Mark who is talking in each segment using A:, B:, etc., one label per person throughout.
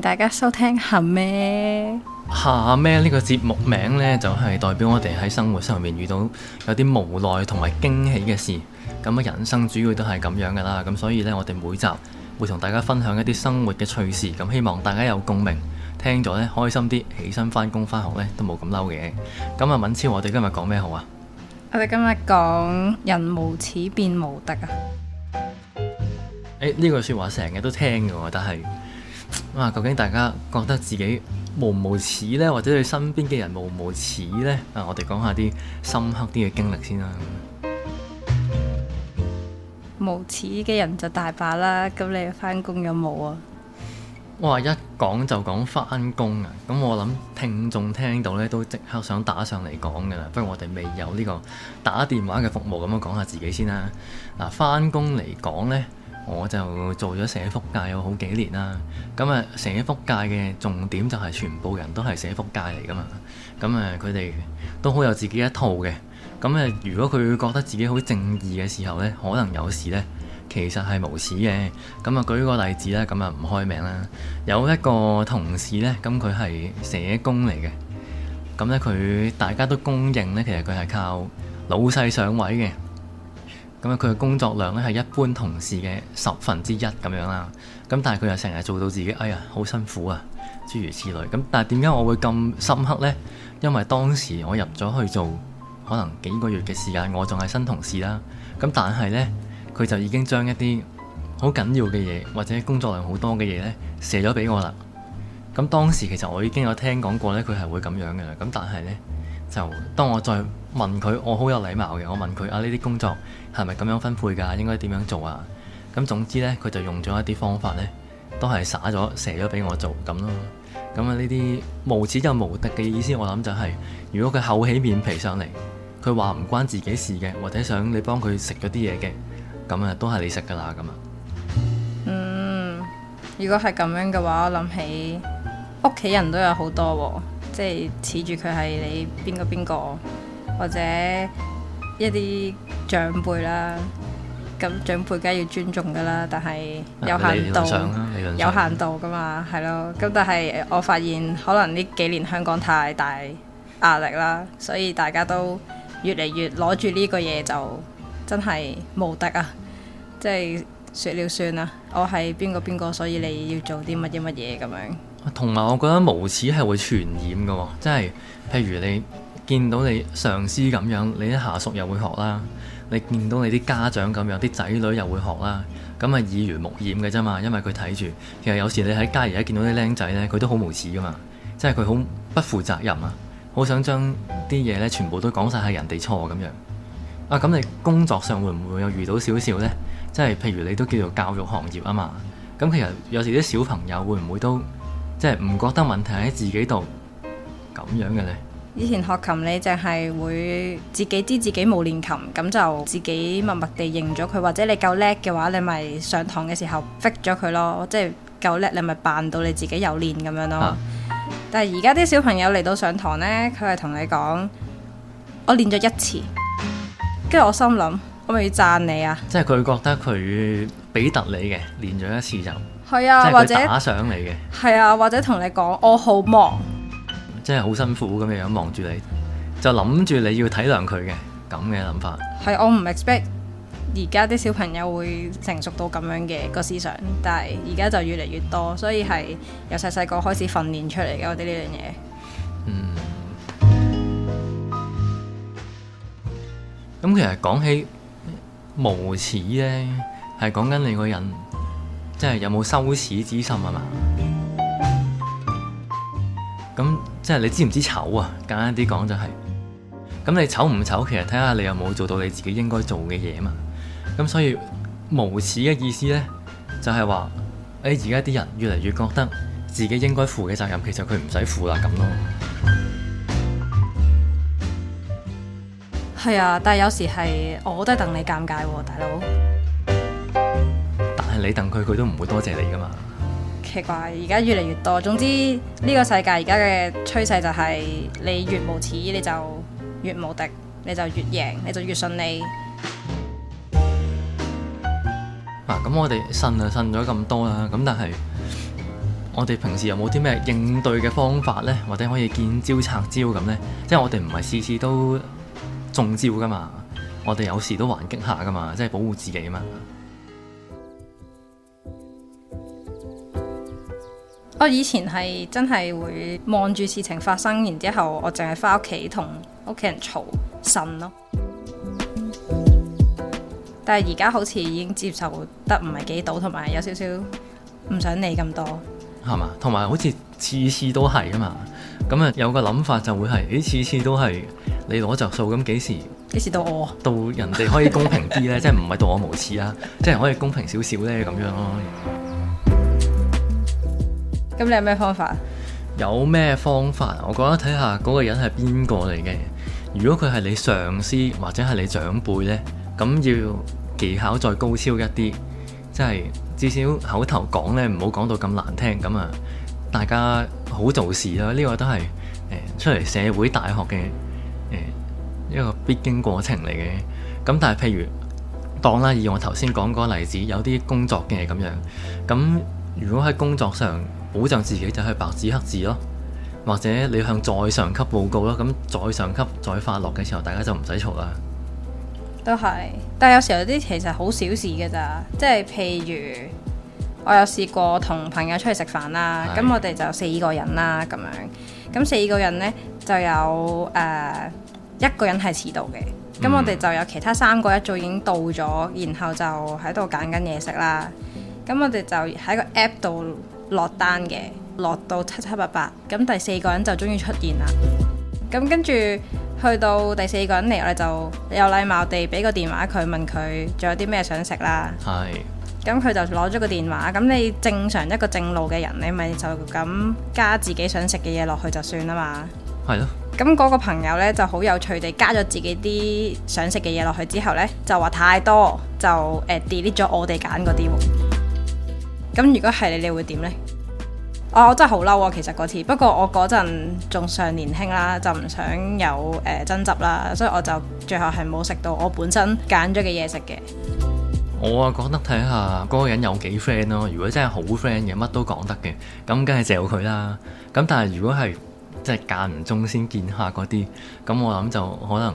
A: 大家收聽下咩？
B: 下咩呢個節目名呢，就係代表我哋喺生活上面遇到有啲無奈同埋驚喜嘅事。咁啊，人生主要都係咁樣噶啦。咁所以呢，我哋每集會同大家分享一啲生活嘅趣事。咁希望大家有共鳴，聽咗呢，開心啲，起身返工返學呢，都冇咁嬲嘅。咁啊，敏超，我哋今日講咩好啊？我
A: 哋今日講人無恥便無敵啊！
B: 誒，呢句說話成日都聽嘅，但係。啊，究竟大家覺得自己無無恥呢？或者對身邊嘅人無無恥呢？啊，我哋講下啲深刻啲嘅經歷先啦。
A: 無恥嘅人就大把啦，咁你翻工有冇
B: 啊？哇！一講就講翻工啊，咁我諗聽眾聽到呢都即刻想打上嚟講噶啦，不過我哋未有呢個打電話嘅服務，咁、嗯、樣講下自己先啦。嗱、啊，翻工嚟講呢。我就做咗社福界有好幾年啦，咁啊社福界嘅重點就係全部人都係社福界嚟噶嘛，咁啊佢哋都好有自己一套嘅，咁啊如果佢覺得自己好正義嘅時候呢，可能有時呢，其實係無恥嘅，咁啊舉個例子啦，咁啊唔開名啦，有一個同事呢，咁佢係社工嚟嘅，咁呢，佢大家都公認呢，其實佢係靠老細上位嘅。咁佢嘅工作量咧係一般同事嘅十分之一咁樣啦。咁但係佢又成日做到自己，哎呀，好辛苦啊！諸如此類。咁但係點解我會咁深刻呢？因為當時我入咗去做，可能幾個月嘅時間，我仲係新同事啦。咁但係呢，佢就已經將一啲好緊要嘅嘢，或者工作量好多嘅嘢呢，射咗俾我啦。咁當時其實我已經有聽講過呢，佢係會咁樣嘅啦。咁但係呢，就當我再問佢，我好有禮貌嘅，我問佢啊，呢啲工作。係咪咁樣分配噶？應該點樣做啊？咁總之呢，佢就用咗一啲方法呢，都係撒咗、射咗俾我做咁咯。咁啊，呢啲無恥又無敵嘅意思，我諗就係，如果佢厚起面皮上嚟，佢話唔關自己事嘅，或者想你幫佢食嗰啲嘢嘅，咁啊都係你食噶啦咁啊。嗯，
A: 如果係咁樣嘅話，我諗起屋企人都有好多喎，即係似住佢係你邊個邊個，或者一啲。長輩啦，咁長輩梗係要尊重噶啦，但係有限度，有限度噶嘛，係咯。咁但係我發現，可能呢幾年香港太大壓力啦，所以大家都越嚟越攞住呢個嘢就真係無敵啊，即係説了算啊！我係邊個邊個，所以你要做啲乜嘢乜嘢咁樣。
B: 同埋我覺得無恥係會傳染噶，即係譬如你見到你上司咁樣，你啲下屬又會學啦。你見到你啲家長咁樣，啲仔女又會學啦，咁啊耳濡目染嘅啫嘛，因為佢睇住。其實有時你喺街而家見到啲靚仔呢，佢都好無恥噶嘛，即係佢好不負責任啊，好想將啲嘢呢全部都講晒係人哋錯咁樣。啊，咁你工作上會唔會有遇到少少呢？即係譬如你都叫做教育行業啊嘛，咁其實有時啲小朋友會唔會都即係唔覺得問題喺自己度咁樣嘅呢？
A: 以前學琴，你淨係會自己知自己冇練琴，咁就自己默默地認咗佢。或者你夠叻嘅話，你咪上堂嘅時候逼咗佢咯。即係夠叻，你咪扮到你自己有練咁樣咯。啊、但係而家啲小朋友嚟到上堂呢，佢係同你講：我練咗一次。跟住我心諗，我咪要讚你啊！
B: 即係佢覺得佢俾特你嘅，練咗一次就係啊，啊，或者打賞你嘅。
A: 係啊，或者同你講我好忙。
B: 真係好辛苦咁樣樣望住你，就諗住你要體諒佢嘅咁嘅諗法。
A: 係我唔 expect 而家啲小朋友會成熟到咁樣嘅個思想，但係而家就越嚟越多，所以係由細細個開始訓練出嚟嘅我哋呢樣嘢。嗯。
B: 咁其實講起無恥呢，係講緊你個人，即係有冇羞恥之心啊嘛？即係你知唔知醜啊？簡單啲講就係咁，你醜唔醜？其實睇下你有冇做到你自己應該做嘅嘢嘛。咁所以無恥嘅意思咧，就係話誒而家啲人越嚟越覺得自己應該負嘅責任，其實佢唔使負啦咁咯。
A: 係啊，但係有時係我都係戥你尷尬，大佬。
B: 但係你戥佢，佢都唔會多謝你噶嘛。
A: 奇怪，而家越嚟越多。總之呢個世界而家嘅趨勢就係你越無恥，你就越無敵，你就越贏，你就越順利。
B: 嗱、啊，咁我哋呻就呻咗咁多啦。咁但係我哋平時有冇啲咩應對嘅方法呢？或者可以見招拆招咁呢？即係我哋唔係次次都中招噶嘛，我哋有時都還擊下噶嘛，即係保護自己嘛。
A: 我以前係真係會望住事情發生，然之後我淨係返屋企同屋企人嘈呻咯。但係而家好似已經接受得唔係幾到，同埋有少少唔想理咁多。
B: 係嘛，同埋好似次次都係啊嘛。咁啊，有個諗法就會係：咦，次次都係你攞着數，咁幾時幾時到我？到人哋可以公平啲呢？ 即係唔係到我無恥啊？即係可以公平少少呢，咁樣咯。
A: 咁你有咩方法？
B: 有咩方法？我覺得睇下嗰個人係邊個嚟嘅。如果佢係你上司或者係你長輩呢，咁要技巧再高超一啲，即係至少口頭講呢，唔好講到咁難聽。咁啊，大家好做事啦。呢個都係欸、出嚟社會大學嘅、欸、一個必經過程嚟嘅。咁但係譬如當啦，以我頭先講嗰個例子，有啲工作嘅咁樣。咁如果喺工作上，保障自己就係白紙黑字咯，或者你向再上級報告咯，咁再上級再發落嘅時候，大家就唔使嘈啦。
A: 都係，但係有時候有啲其實好小事嘅咋，即係譬如我有試過同朋友出去食飯啦，咁是我哋就四個人啦，咁樣，咁四個人呢，就有誒、呃、一個人係遲到嘅，咁、嗯、我哋就有其他三個一早已經到咗，然後就喺度揀緊嘢食啦，咁我哋就喺個 app 度。落單嘅落到七七八八，咁第四個人就終於出現啦。咁跟住去到第四個人嚟，我哋就有禮貌地俾個電話佢，問佢仲有啲咩想食啦。係的。咁佢就攞咗個電話。咁你正常一個正路嘅人，你咪就咁加自己想食嘅嘢落去就算啦嘛。
B: 係咯的。
A: 咁嗰個朋友呢就好有趣地加咗自己啲想食嘅嘢落去之後呢，就話太多，就誒 delete 咗我哋揀嗰啲。咁如果係你，你會點呢？Oh, 我真係好嬲，啊。其實嗰次，不過我嗰陣仲上年輕啦，就唔想有誒、呃、爭執啦，所以我就最後係冇食到我本身揀咗嘅嘢食嘅。
B: 我啊覺得睇下嗰個人有幾 friend 咯，如果真係好 friend 嘅，乜都講得嘅，咁梗係借佢啦。咁但係如果係即係間唔中先見下嗰啲，咁我諗就可能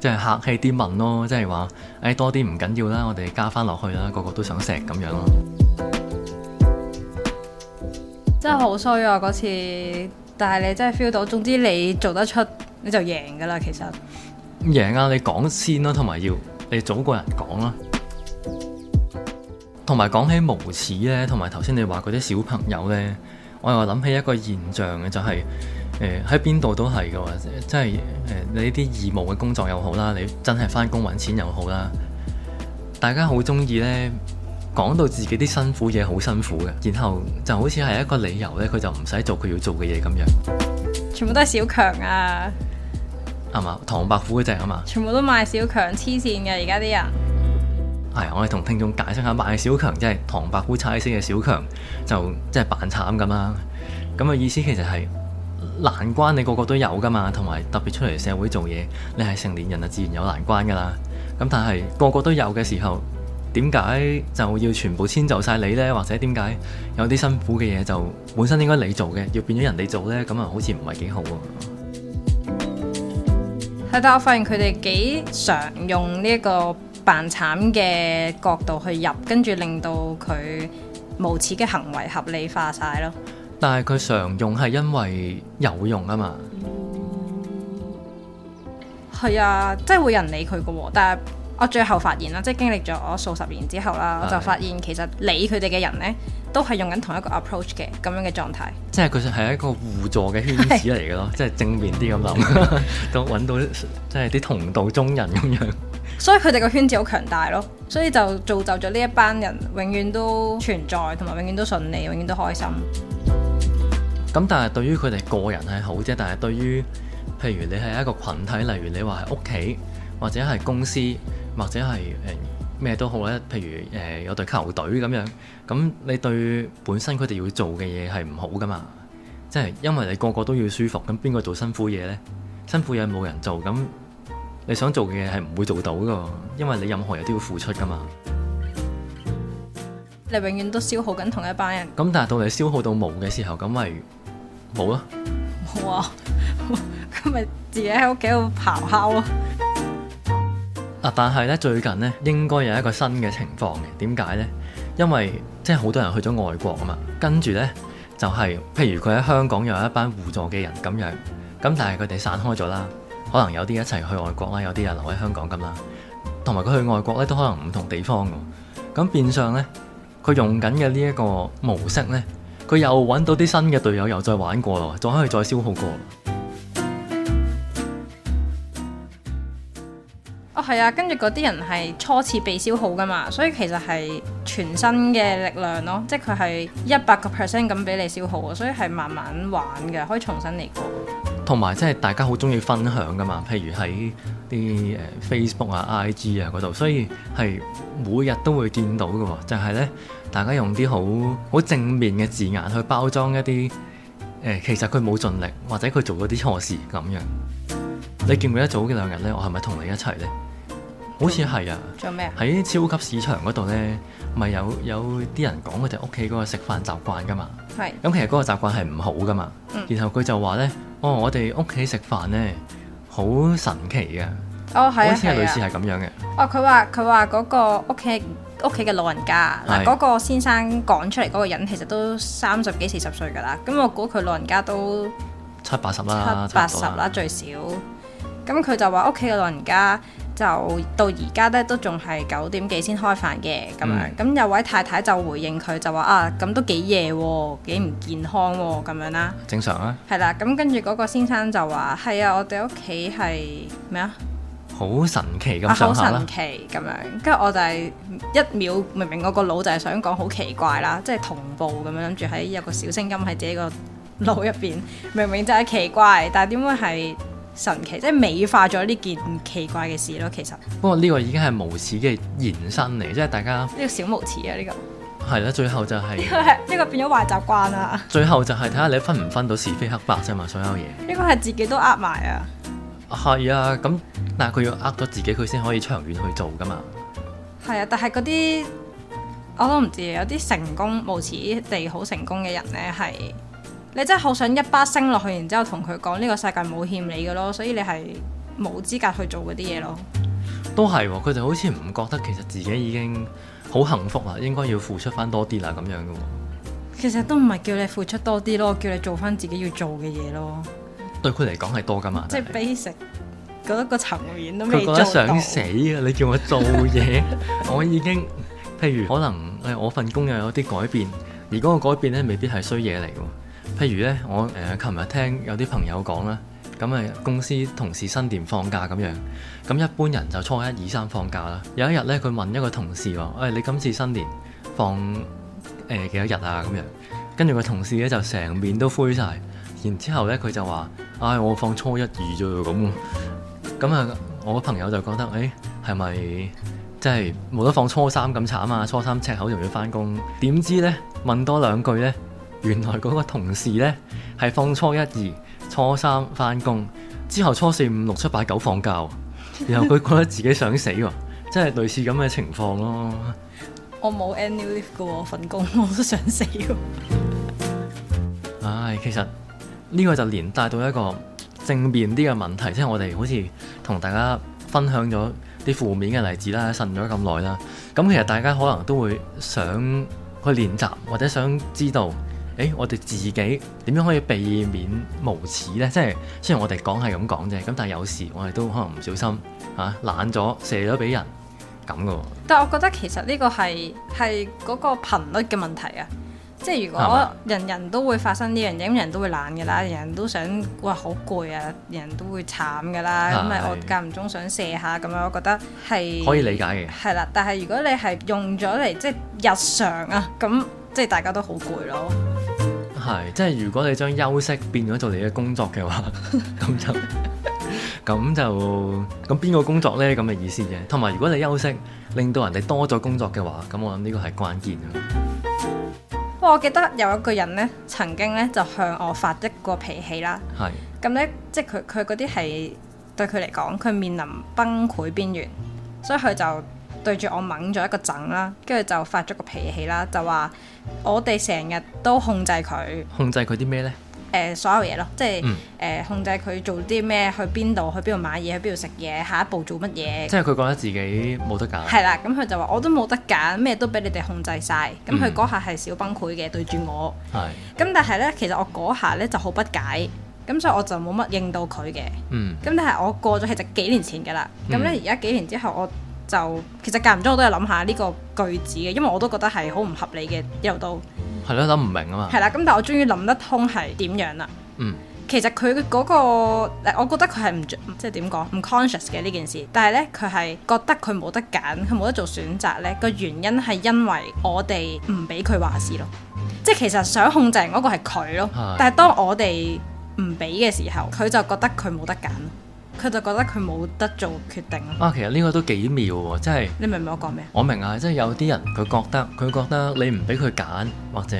B: 即係客氣啲問咯，即係話誒多啲唔緊要啦，我哋加翻落去啦，個個都想食咁樣咯。
A: 真係好衰啊！嗰次，但係你真係 feel 到，總之你做得出你就贏噶啦，其實。
B: 贏啊！你講先咯、啊，同埋要你早過人講啦、啊。同埋講起無恥咧，同埋頭先你話嗰啲小朋友咧，我又諗起一個現象嘅，就係誒喺邊度都係嘅喎，即係誒、呃、你啲義務嘅工作又好啦，你真係翻工揾錢又好啦，大家好中意咧。講到自己啲辛苦嘢好辛苦嘅，然後就好似係一個理由呢，佢就唔使做佢要做嘅嘢咁樣。
A: 全部都係小強啊，
B: 係嘛？唐伯虎嗰隻啊嘛。全
A: 部都賣小強黐線嘅，而家啲人。
B: 係、哎，我係同聽眾解釋下賣小強即係唐伯虎踩死嘅小強，就即係扮慘咁啦。咁嘅意思其實係難關，你個個都有㗎嘛。同埋特別出嚟社會做嘢，你係成年人啊，自然有難關㗎啦。咁但係個個都有嘅時候。點解就要全部遷就晒你呢？或者點解有啲辛苦嘅嘢就本身應該你做嘅，要變咗人哋做呢？咁啊，好似唔係幾好喎。
A: 係，但我發現佢哋幾常用呢一個扮慘嘅角度去入，跟住令到佢無恥嘅行為合理化晒咯。
B: 但係佢常用係因為有用啊嘛。
A: 係啊，真係會人理佢㗎喎，但係。我最後發現啦，即係經歷咗我數十年之後啦，我就發現其實理佢哋嘅人呢，都係用緊同一個 approach 嘅咁樣嘅狀態。
B: 即係佢係一個互助嘅圈子嚟嘅咯， 即係正面啲咁諗，揾 到即係啲同道中人咁樣。
A: 所以佢哋個圈子好強大咯，所以就造就咗呢一班人永遠都存在，同埋永遠都順利，永遠都開心。
B: 咁但係對於佢哋個人係好啫，但係對於譬如你係一個群體，例如你話係屋企或者係公司。或者係誒咩都好咧，譬如誒、呃、有隊球隊咁樣，咁你對本身佢哋要做嘅嘢係唔好噶嘛，即係因為你個個都要舒服，咁邊個做辛苦嘢咧？辛苦嘢冇人做，咁你想做嘅嘢係唔會做到噶，因為你任何嘢都要付出噶嘛。
A: 你永遠都消耗緊同一班人。
B: 咁但係到你消耗到冇嘅時候，咁咪冇咯？
A: 冇啊，咁咪自己喺屋企度咆哮咯。
B: 但係咧，最近咧應該有一個新嘅情況嘅，點解呢？因為即係好多人去咗外國啊嘛，跟住呢，就係譬如佢喺香港又有一班互助嘅人咁樣，咁但係佢哋散開咗啦，可能有啲一齊去外國啦，有啲人留喺香港咁啦，同埋佢去外國咧都可能唔同地方㗎，咁變相呢，佢用緊嘅呢一個模式呢，佢又揾到啲新嘅隊友，又再玩過啦，再可以再消耗過。
A: 係、哦、啊，跟住嗰啲人係初次被消耗噶嘛，所以其實係全新嘅力量咯，即係佢係一百個 percent 咁俾你消耗，所以係慢慢玩嘅，可以重新嚟過。
B: 同埋即係大家好中意分享噶嘛，譬如喺啲誒 Facebook 啊、IG 啊嗰度，所以係每日都會見到噶。就係、是、咧，大家用啲好好正面嘅字眼去包裝一啲誒、呃，其實佢冇盡力或者佢做咗啲錯事咁樣。你記唔記得早嘅兩日咧？我係咪同你一齊咧？好似係啊！做咩啊？喺超級市場嗰度呢，咪有有啲人講佢哋屋企嗰個食飯習慣噶嘛？
A: 係是。咁
B: 其實嗰個習慣係唔好噶嘛。嗯、然後佢就話呢：「哦，我哋屋企食飯呢，好神奇噶。哦，係啊。好似係、啊啊、類似係咁樣嘅。
A: 哦，佢話佢話嗰個屋企屋企嘅老人家嗱，嗰是個先生講出嚟嗰個人其實都三十幾四十歲㗎啦。咁我估佢老人家都
B: 七八十啦，八十啦
A: 最少。咁佢就話屋企嘅老人家。就到而家咧，都仲係九點幾先開飯嘅咁樣。咁、嗯、有位太太就回應佢，就話啊，咁都幾夜喎、啊，幾唔健康喎、啊、咁樣啦。
B: 正常啊。
A: 係啦，咁跟住嗰個先生就話：係啊，我哋屋企係咩啊？
B: 好神奇咁，好神奇
A: 咁樣，跟住我就係一秒明明我個腦就係想講好奇怪啦，即係同步咁樣諗住喺有個小聲音喺自己個腦入邊，明明就係奇怪，但係點會係？神奇，即係美化咗呢件奇怪嘅事咯。其實，不
B: 過呢個已經係無恥嘅延伸嚟，即係大家
A: 呢個小無恥啊！呢、呢個
B: 係啦，最後就係、係、呢
A: 個係、呢個、變咗壞習慣啦。
B: 最後就係睇下你分唔分到是非黑白啫嘛，所有嘢
A: 呢個係自己都呃埋啊！
B: 係啊，咁嗱，佢要呃咗自己，佢先可以長遠去做噶嘛。
A: 係啊，但係嗰啲我都唔知，有啲成功無恥地好成功嘅人咧，係。你真係好想一巴巴升落去，然之後同佢講呢個世界冇欠你嘅咯，所以你係冇資格去做嗰啲嘢咯。
B: 都係，哦，佢哋好似唔覺得其實自己已經好幸福啦，應該要付出翻多啲啦咁樣嘅。
A: 其實都唔係叫你付出多啲咯，叫你做翻自己要做嘅嘢咯。
B: 對佢嚟講係多噶嘛。即
A: 係 basic，覺得個層面都未做到。佢覺得想
B: 死啊！你叫我做嘢， 我已經譬如可能誒，我份工又有啲改變，而嗰個改變咧未必係衰嘢嚟嘅。譬如咧，我誒琴日聽有啲朋友講啦，咁啊公司同事新年放假咁樣，咁一般人就初一二三放假啦。有一日咧，佢問一個同事話：誒、哎、你今次新年放誒、呃、幾多日啊？咁樣，跟住個同事咧就成面都灰晒。然之後咧佢就話：唉、哎，我放初一二啫，咁，咁啊我個朋友就覺得：誒係咪即係冇得放初三咁慘啊？初三赤口仲要翻工，點知咧問多兩句咧，原來嗰個同事呢，係放初一二、初三翻工，之後初四、五六、七八、九放假，然後佢覺得自己想死喎， 即係類似咁嘅情況咯。
A: 我冇 annual leave 嘅喎，份工我都想死
B: 喎、哦。唉、 哎，其實呢、這個就連帶到一個正面啲嘅問題，即係我哋好似同大家分享咗啲負面嘅例子啦、呻咗咁耐啦，咁其實大家可能都會想去練習或者想知道。誒、欸，我哋自己點樣可以避免無恥呢？即係雖然我哋講係咁講啫，咁但係有時我哋都可能唔小心嚇、啊、懶咗射咗俾人咁嘅。
A: 但係我覺得其實呢個係係嗰個頻率嘅問題啊！即係如果人人都會發生呢樣嘢，咁吧人都會懶嘅啦，人人都想哇好攰啊，人人都會慘嘅啦。咁咪的我間唔中想射下咁樣，我覺得係可以理解嘅。係啦，但係如果你係用咗嚟即係日常啊，咁即係大家都好攰咯。
B: 係，即係如果你將休息變咗做你嘅工作嘅話，咁 就咁 就咁邊個工作呢？咁嘅意思啫。同埋如果你休息令到人哋多咗工作嘅話，咁我諗呢個係關鍵啊。
A: 哇！我記得有一個人呢曾經呢就向我發一個脾氣啦。係是，咁呢即係佢佢嗰啲係對佢嚟講，佢面臨崩潰邊緣，所以佢就。對住我掹咗一個枕啦，跟住就發咗個脾氣啦，就話我哋成日都控制佢，
B: 控制佢啲咩呢？
A: 誒，所有嘢咯，即係誒，控制佢做啲咩？去邊度？去邊度買嘢？去邊度食嘢？下一步做乜嘢？即係
B: 佢覺得自己冇得揀。係
A: 啦，咁、嗯、佢、嗯嗯、就話我都冇得揀，咩都俾你哋控制晒。咁佢嗰下係小崩潰嘅，對住我。係。咁但係呢，其實我嗰下呢就好不解，咁所以我就冇乜應到佢嘅。咁、嗯、但係我過咗係就幾年前噶啦，咁呢，而家幾年之後我。就其實間唔中我都係諗下呢個句子嘅，因為我都覺得係好唔合理嘅，一路都
B: 係咯，諗唔明啊嘛。係啦，
A: 咁但係我終於諗得通係點樣啦。嗯，其實佢嗰個，我覺得佢係唔即係點講唔 conscious 嘅呢件事，但係呢，佢係覺得佢冇得揀，佢冇得做選擇呢個原因係因為我哋唔俾佢話事咯。即係其實想控制人嗰個係佢咯，但係當我哋唔俾嘅時候，佢就覺得佢冇得揀。佢就覺得佢冇得做決定
B: 啊，其實呢個都幾妙喎、啊，即係
A: 你明唔明我講咩？
B: 我明啊，即係有啲人佢覺得佢覺得你唔俾佢揀，或者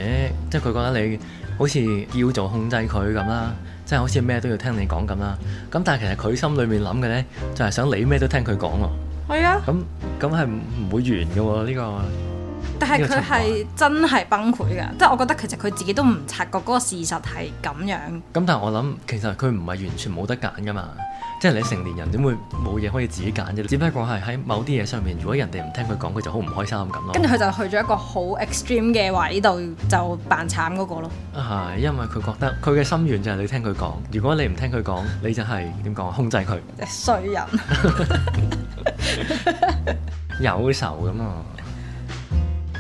B: 即係佢覺得你好似要做控制佢咁啦，即係好似咩都要聽你講咁啦。咁但係其實佢心裏面諗嘅呢，就係、是、想就係想你咩都聽佢講咯。係啊，咁咁係唔會完嘅喎、啊，呢、這個呢個。
A: 但係佢係真係崩潰嘅，即係我覺得其實佢自己都唔察覺嗰、那個嗰個事實係咁樣。
B: 咁但係我諗其實佢唔係完全冇得揀噶嘛。即係你成年人點會冇嘢可以自己揀啫？只不過係喺某啲嘢上面，如果人哋唔聽佢講，佢就好唔開心咁咯。跟住佢
A: 就去咗一個好 extreme 嘅位度，就扮慘嗰、那個咯。
B: 啊，因為佢覺得佢嘅心願就係你聽佢講，如果你唔聽佢講，你就係點講？控制佢，
A: 衰人
B: 有仇咁啊！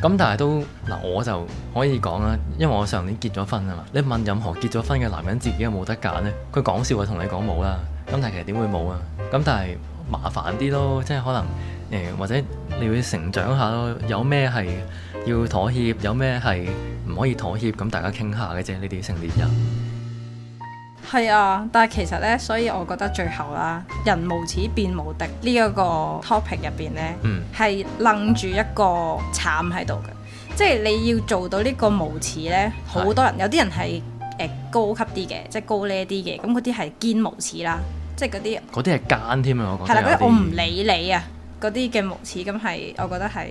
B: 咁但係都嗱，我就可以講啦，因為我上年結咗婚啊嘛。你問任何結咗婚嘅男人，自己有冇得揀呢？佢講笑話同你講冇啦。咁但係其實點會冇啊？咁但係麻煩啲咯，即係可能誒、呃，或者你要成長下咯。有咩係要妥協？有咩係唔可以妥協？咁大家傾下嘅啫，呢啲成年人。
A: 係啊，但係其實呢，所以我覺得最後啦，人無恥便無敵呢一個 topic 入邊呢，嗯，係撚住一個慘喺度嘅。即係你要做到呢個無恥呢，好多人是的 有啲人係誒、欸、高級啲嘅，即係高呢啲嘅，咁嗰啲係堅無恥啦。即係嗰啲，
B: 嗰啲係奸添啊！我覺得係啦，嗰啲我唔理
A: 你啊，嗰啲嘅無恥咁係，我覺得係。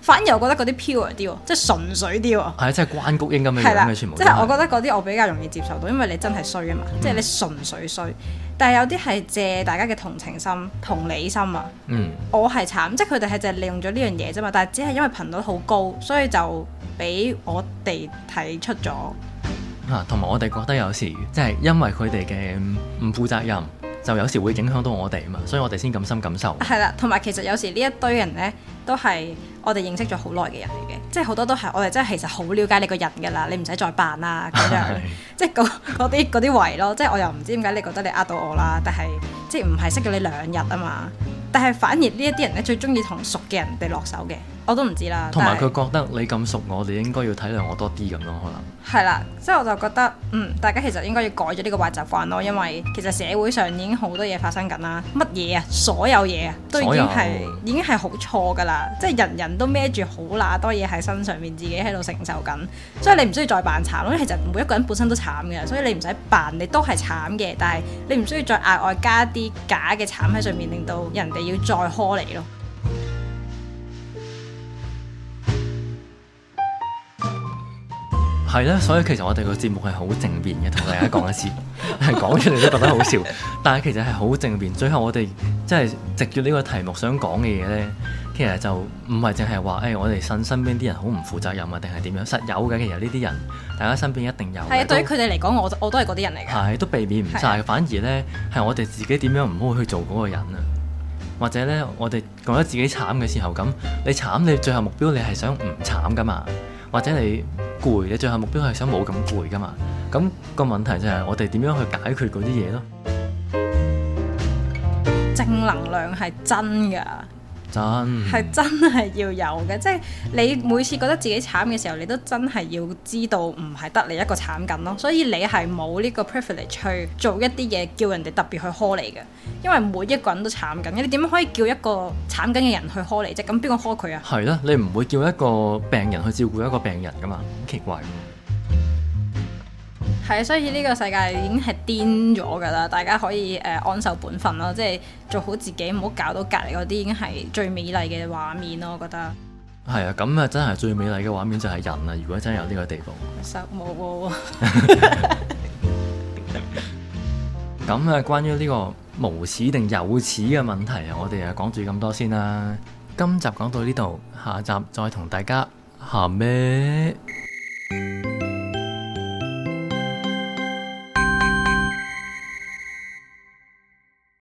A: 反而我覺得嗰啲 pure 啲喎，即係純粹啲喎。
B: 係啊，即係關谷英咁樣嘅的全部。即係我覺得
A: 嗰啲我比較容易接受到，因為你真係衰啊嘛，嗯、即係你純粹衰。但係有啲係借大家嘅同情心、同理心啊。
B: 嗯。
A: 我係慘，即係佢哋係就係利用咗呢樣嘢啫嘛。但係只係因為頻率好高，所以就俾我哋睇出咗。
B: 啊，同埋我哋覺得有時即係因為佢哋嘅唔負責任，就有時會影響到我哋啊嘛，所以我哋先咁深感受。
A: 係啦，同埋其實有時呢一堆人呢，都係我哋認識咗好耐嘅人嚟嘅，即係好多都係我哋真係其實好了解你個人㗎啦，你唔使再扮啦咁樣，即係嗰啲嗰啲位咯。即係我又唔知點解你覺得你呃到我啦，但係即係唔係識咗你兩日啊嘛，但係反而呢一啲人呢，最鍾意同熟嘅人哋落手嘅。我都唔知啦。同埋佢
B: 覺得你咁熟，我哋應該要體諒我多啲咁樣，可能。
A: 係啦，即係我就覺得，嗯，大家其實應該要改咗呢個壞習慣咯，因為其實社會上已經好多嘢發生緊啦，乜嘢啊，所有嘢啊，都已經係有已經係好錯噶啦，即係人人都孭住好乸多嘢喺身上面，自己喺度承受緊，所以你唔需要再扮慘咯。因為其實每一個人本身都慘嘅，所以你唔使扮，你都係慘嘅，但係你唔需要再額外加啲假嘅慘喺上面，嗯、令到人哋要再呵你咯。
B: 係啦，所以其實我哋個節目係好正面嘅，同大家講一次，講 出嚟都覺得好笑。 但係其實係好正面。最後我哋即係直接呢個題目想講嘅嘢咧，其實就唔係淨係話，誒、欸、我哋信身邊啲人好唔負責任啊，定係點樣？實有嘅，其實呢啲人，大家身邊一定有。係啊對，都對於佢哋
A: 嚟講，我我都係嗰啲人嚟。係
B: 都避免唔晒。的反而咧係我哋自己點樣唔好去做嗰個人啊？或者咧，我哋覺得自己慘嘅時候，咁你慘，你最後目標你係想唔慘㗎嘛？或者你攰，你最後目標係想冇咁攰噶嘛？咁個問題就係我哋點樣去解決嗰啲嘢咯。
A: 正能量係真㗎。
B: 真係
A: 真係要有嘅，即係你每次覺得自己慘嘅時候，你都真係要知道唔係得你一個慘緊咯。所以你係冇呢個 privilege 去做一啲嘢叫人哋特別去呵你嘅，因為每一個人都慘緊嘅。你點樣可以叫一個慘緊嘅人去呵你啫？咁邊個呵佢啊？
B: 係啦，你唔會叫一個病人去照顧一個病人噶嘛，好奇怪。
A: 係，所以呢個世界已經係癲咗噶啦，大家可以誒、呃、安守本分咯，即係做好自己，唔好搞到隔籬嗰啲已經係最美麗嘅畫面咯。我覺得
B: 係啊，咁啊真係最美麗嘅畫面就係人啊！如果真係有呢個地步，
A: 實冇啊。
B: 咁啊，關於呢、這個無恥定有恥嘅問題啊，我哋啊講住咁多先啦。今集講到呢度，下一集再同大家下咩？嗯